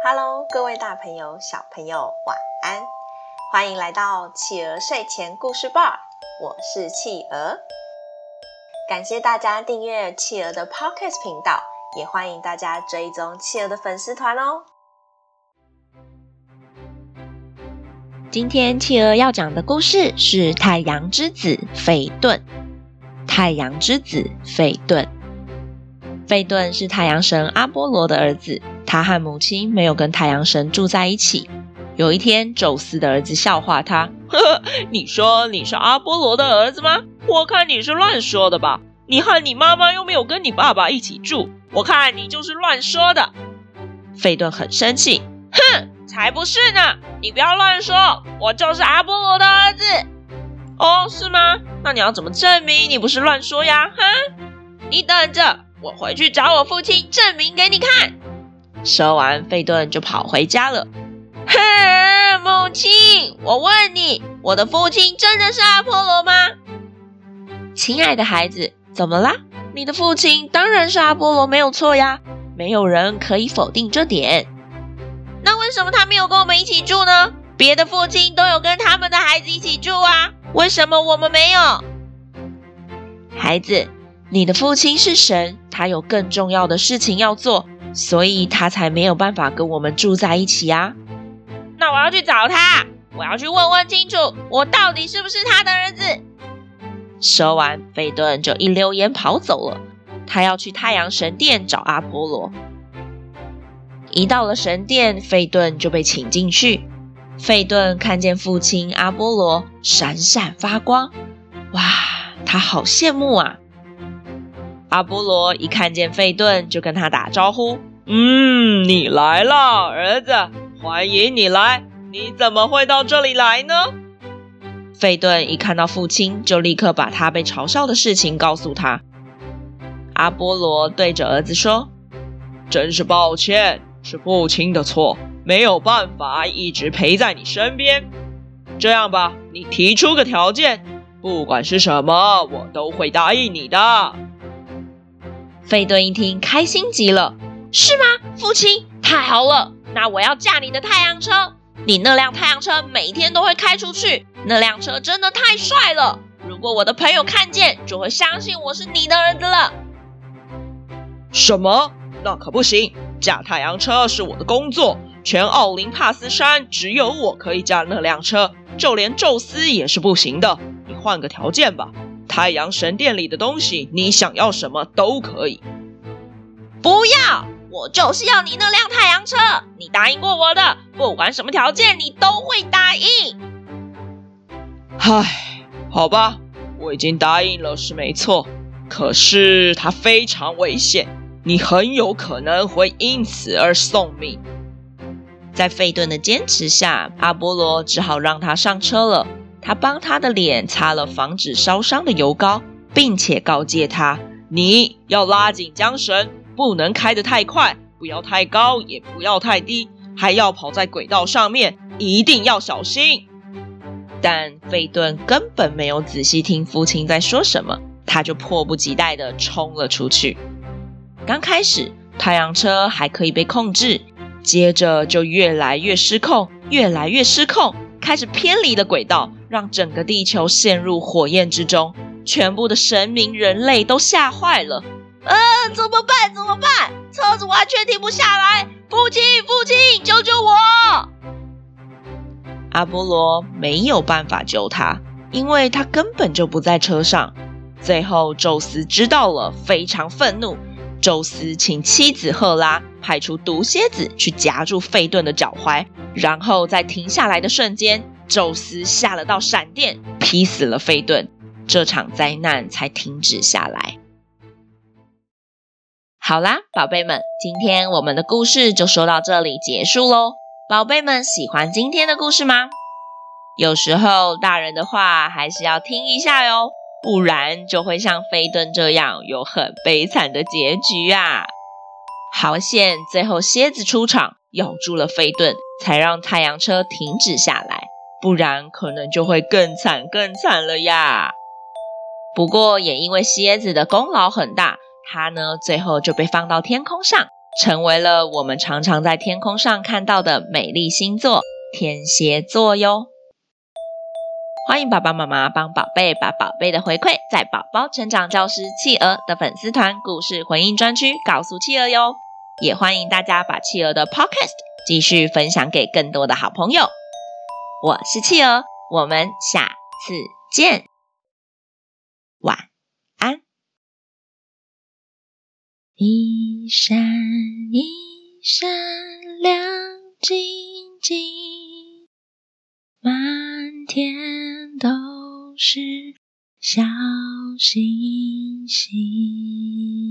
哈嘍各位大朋友、小朋友，晚安！歡迎來到企鵝睡前故事吧，我是企鵝。感謝大家訂閱企鵝的 Podcast 頻道，也歡迎大家追蹤企鵝的粉絲團哦。今天企鵝要講的故事是太《太陽之子費頓》。太陽之子費頓，費頓是太陽神阿波羅的兒子。他和母親沒有跟太陽神住在一起。有一天，宙斯的兒子笑話他：“呵呵，你說你是阿波羅的兒子嗎？我看你是亂說的吧。你和你媽媽又沒有跟你爸爸一起住，我看你就是亂說的。”費頓很生氣：“哼，才不是呢！你不要亂說，我就是阿波羅的兒子。哦，是嗎？那你要怎麼證明你不是亂說呀？哼，你等着，我回去找我父親證明給你看。”說完，費頓就跑回家了。嘿，母親，我問你，我的父親真的是阿波羅嗎？親愛的孩子，怎麼啦？你的父親當然是阿波羅，沒有錯呀。沒有人可以否定這點。那為什麼他沒有跟我們一起住呢？別的父親都有跟他們的孩子一起住啊，為什麼我們沒有？孩子，你的父親是神，他有更重要的事情要做。所以他才沒有辦法跟我們住在一起啊！那我要去找他，我要去問問清楚，我到底是不是他的兒子。說完，費頓就一溜煙跑走了。他要去太陽神殿找阿波羅。一到了神殿，費頓就被請進去。費頓看見父親阿波羅閃閃發光，哇，他好羨慕啊！阿波羅一看見費頓，就跟他打招呼：“嗯，你來了，兒子，歡迎你來。你怎麼會到這裡來呢？”費頓一看到父親，就立刻把他被嘲笑的事情告訴他。阿波羅對着兒子說：“真是抱歉，是父親的錯，沒有辦法一直陪在你身邊。這樣吧，你提出個條件，不管是什麼，我都會答應你的。”費頓一聽，開心極了，是嗎，父親？太好了，那我要駕你的太陽車。你那輛太陽車每天都會開出去，那輛車真的太帥了。如果我的朋友看見，就會相信我是你的兒子了。什麼？那可不行，駕太陽車是我的工作，全奧林帕斯山只有我可以駕那輛車，就連宙斯也是不行的。你換個條件吧。太陽神殿裡的東西，你想要什麼都可以。不要，我就是要你那輛太陽車。你答應過我的，不管什麼條件，你都會答應。唉，好吧，我已經答應了，是沒錯。可是它非常危險，你很有可能會因此而送命。在費頓的堅持下，阿波羅只好讓他上車了。他幫他的臉擦了防止燒傷的油膏，並且告誡他：“你要拉緊韁繩，不能開得太快，不要太高，也不要太低，還要跑在軌道上面，一定要小心。”但費頓根本沒有仔細聽父親在說什麼，他就迫不及待地衝了出去。剛開始，太陽車還可以被控制，接着就越來越失控，越來越失控，開始偏離了軌道。讓整個地球陷入火焰之中，全部的神明、人類都嚇壞了。嗯、呃，怎麼辦？怎麼辦？車子完全停不下來！父親，父親，救救我！阿波羅沒有辦法救他，因為他根本就不在車上。最後，宙斯知道了，非常憤怒。宙斯請妻子赫拉派出毒蠍子去夾住費頓的腳踝，然後在停下來的瞬間。宙斯下了道閃電，劈死了費頓，這場災難才停止下來。好啦，寶貝們，今天我們的故事就說到這裡結束嘍。寶貝們，喜歡今天的故事嗎？有時候大人的話還是要聽一下喲，不然就會像費頓這樣有很悲慘的結局啊。好險，最後蠍子出場，咬住了費頓，才讓太陽車停止下來。不然可能就會更慘更慘了呀。不過也因為蠍子的功勞很大，它呢最後就被放到天空上，成為了我們常常在天空上看到的美麗星座——天蠍座喲。歡迎爸爸媽媽幫寶貝把寶貝的回饋在寶寶成長教師企鵝的粉絲團故事回應專區告訴企鵝喲。也歡迎大家把企鵝的 Podcast 繼續分享給更多的好朋友。我是企鵝，我們下次見，晚安。一閃一閃亮晶晶，滿天都是小星星。